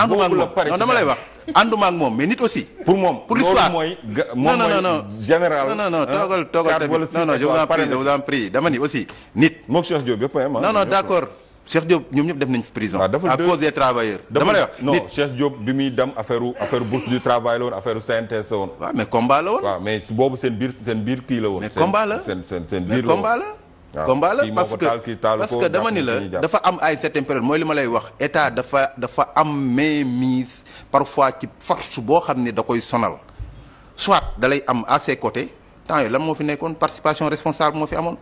ànduma ak moom non dama lay wax ànduma ak moom mais nit aussi. pour moom pour l'histoire mooy. non non non général. non non toogal toogal tamit non non je vous en prie je vous en prie dama ni aussi nit. moog Cheikh Diop yëpp ah? non non d'accord. Cheikh ñoom ñëpp def nañ prison. Ah, à cause travailleurs. dama lay wax nit Cheikh Diop bi muy dem affaire bourse du travail affaire CNTS la woon. mais combat la woon. mais boobu seen biir seen biir kii la woon mais combat la. combat la parce que parce que dama ni la dafa am ay certaine période mooy li ma lay wax état dafa dafa am mainmise parfois ci force boo xam ne da koy sonal soit dalay am à côté côtés temps yooyu lan moo fi nekkoon participation responsable moo fi amoon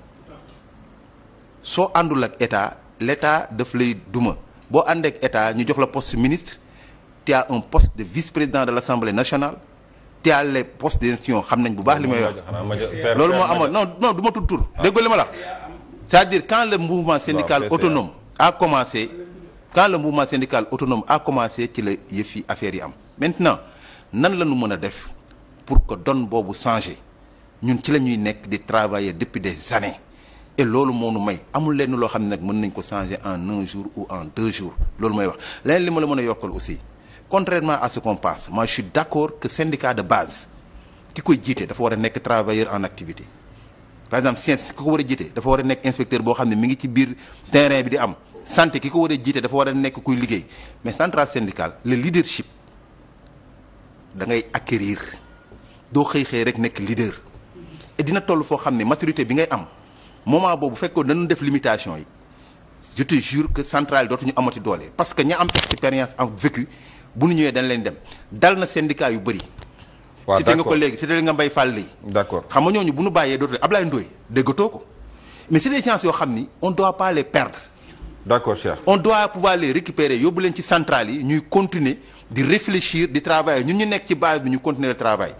soo àndul ak état létat état daf lay duma boo ànd état ñu jox la poste ministre tu as un poste de vice président de l' assemblée nationale teale poste d'institution xam nañ bu baax li may wax loolu moo amoon non non du ma tudd tur ah. déggoo la c'est-à-dire quand le mouvement syndical autonome a commencé quand le mouvement syndical autonome a commencé ci la yëf yi affaire yi am maintenant nan la ñu mën a def pour que done boobu changé ñun ci la ñuy nekk di travailler depuis des années e loolu moo nu may amul leen loo xam ne nag mën nañ ko changer en un jour ou en deux jour loolu may wax leneen li ma la mën a yokkal aussi contrairement à ce qu'on pense moi je suis d'accord que syndicat de base ki koy jiite dafa war a nekk travailleur en activité par exemple science ki ko war a jiite dafa war a nekk inspecteur boo xam ne mu ngi ci biir terrain bi di am santé ki ko war a jiite dafa war a nekk kuy liggéey mais centrale syndicale le leadership da ngay acquérir doo xëy xëy rek nekk leader dina toll foo xam ne maturité bi ngay am moment boobu fekkoon danu def limitation yi je te jure que centrale dootuñu amati doole parce que ña am expérience en vécu bu nu ñëwee dañ leen dem dal na syndicat yu bëri. waaw cité nga ko léegi cité nga mbay fàll yi. d' accord xam nga ñooñu bu nu bàyyee dootul Ablaye Ndoye déggatoo ko mais c'est des chances yoo xam ni on doit pas les perdre. d' accord on doit pouval les récupérer yóbbu leen ci centrale yi ñuy continuer di réfléchir di travailler ñun ñu nekk ci base bi ñu continuer le travail.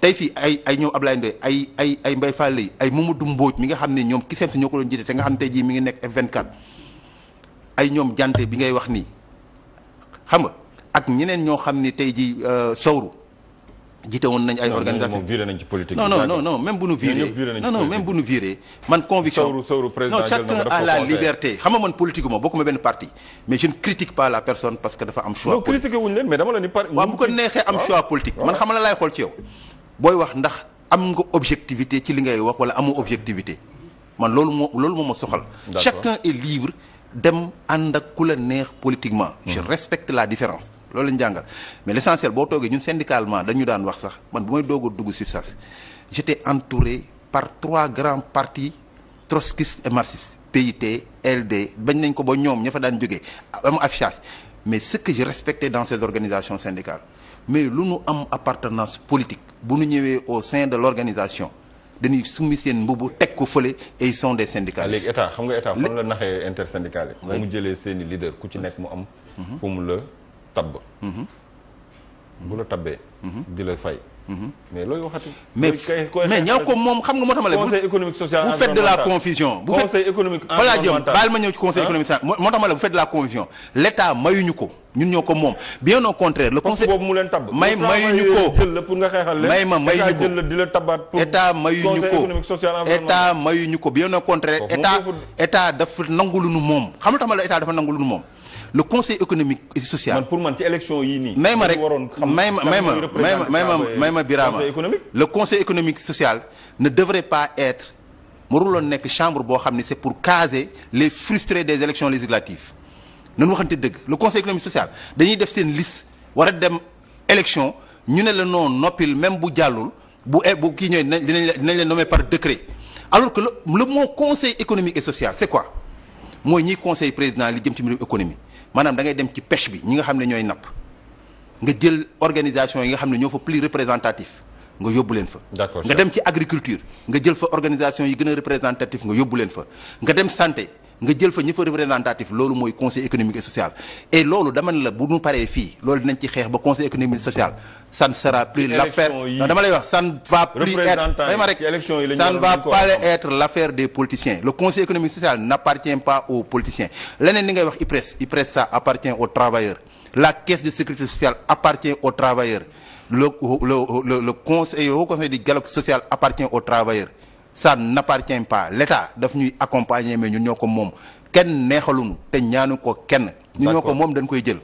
tey fii ay ay ñoom Ablaye Ndoye ay ay ay mbay Fall yi ay Mamadou Mbodj mi nga xam ne ñoom kisem si ko doon te nga xam tey jii mi ngi nekk F24 ay ñoom jante bi ngay wax nii ak ñeneen ñoo xam ni tey ji euh, sawru jiite woon nañ ay organisation non non non non même bu ñu viré non non même bu ñu viré man conviction non chacun a la liberté xam nga man politique ma bokkuma benn parti mais je ne critique pas la personne parce que dafa am choix politique waaw ko neexee am choix politique man xam la xool ci yow booy wax ndax am nga objectivité ci li ngay wax wala amu objectivité man loolu moo loolu moo ma soxal chacun est libre dem ànd ak ku la neex politiquement je hmm. respecte la différence loolu lañu jàngal mais l' essentiel boo toogee ñun syndicalement dañu daan wax sax man bu may doog a dugg si sas j' étais par trois grands partis trotskistes et marxistes PIT LD bañ nañ ko ba ñoom ña fa daan jógee am affichage mais ce que je respectais dans ces organisations syndicales mais lu nu am appartenance politique bu nu ñëwee au sein de l' organisation dañuy summi seen mbubu teg ko fële et ils sont des syndicalistes. léegi xam nga état fan la naxee intersyndicale yi. mu jëlee seen i leader ku ci mu am. Mhm. fu la tabb. Mm-hmm. bu la tabbee. Mm-hmm. di la fay. Mm-hmm. mais looy waxati. mais ko moom xam nga moo tax ma lay. conseil économique social vous faites de la confusion. bu conseil économique environnemental voilà jëm baal ma ñëw ci ko moom bien au contraire. le conseil boobu mu leen tabb. may pour nga xeexal leen may ma mayuñu ko jël di la tabaat pour mayuñu ko état mayuñu ko bien au contraire état dafa nangu lu nu moom xam nga tax ma la état dafa nangu lu nu moom. le conseil économique et social. man pour man ci élection yii nii. may ma rek may ma may ma may ma may ma le conseil économique social ne devrait pas être waruloon nekk chambre boo xam ne c'est pour caser les frustrés des élections législatives nañu waxante dëgg le conseil économique social dañuy def seen liste war a dem élection ñu ne la non noppil même bu jàllul bu eh, bu kii ñooy dinañ la dinañ la nommer par décret alors que le moo mot conseil économique et social c'est quoi mooy ñiy conseil président li jëm ci économie. maanaam dangay dem ci pêche bi ñi nga xam ne ñooy napp nga jël organisation yi nga xam ne ñoo fa plus représentatif nga yóbbu leen fa. d'accord nga dem ci agriculture nga jël fa organisation yi gën a représentatif nga yóbbu leen fa nga dem santé. nga jël fa ñi fa représentatif loolu mooy conseil économique et social et loolu dama la bu ñu paree fii loolu dinañ ci xeex ba conseil économique social ça ne sera plus l'affaire dama lay wax ça ne va plus être ma rek ça ne va pas être l'affaire des politiciens le conseil économique et social n'appartient pas aux politiciens leneen li ngay wax IPRES IPRES ça appartient aux travailleurs la caisse de sécurité sociale appartient aux travailleurs le le le, au conseil du ça n'appartient pas l'État daf ñuy accompagner mais ñun ñoo ko moom kenn neexalum te ñaanu ko kenn. ñun ñoo ko moom dañ koy jël.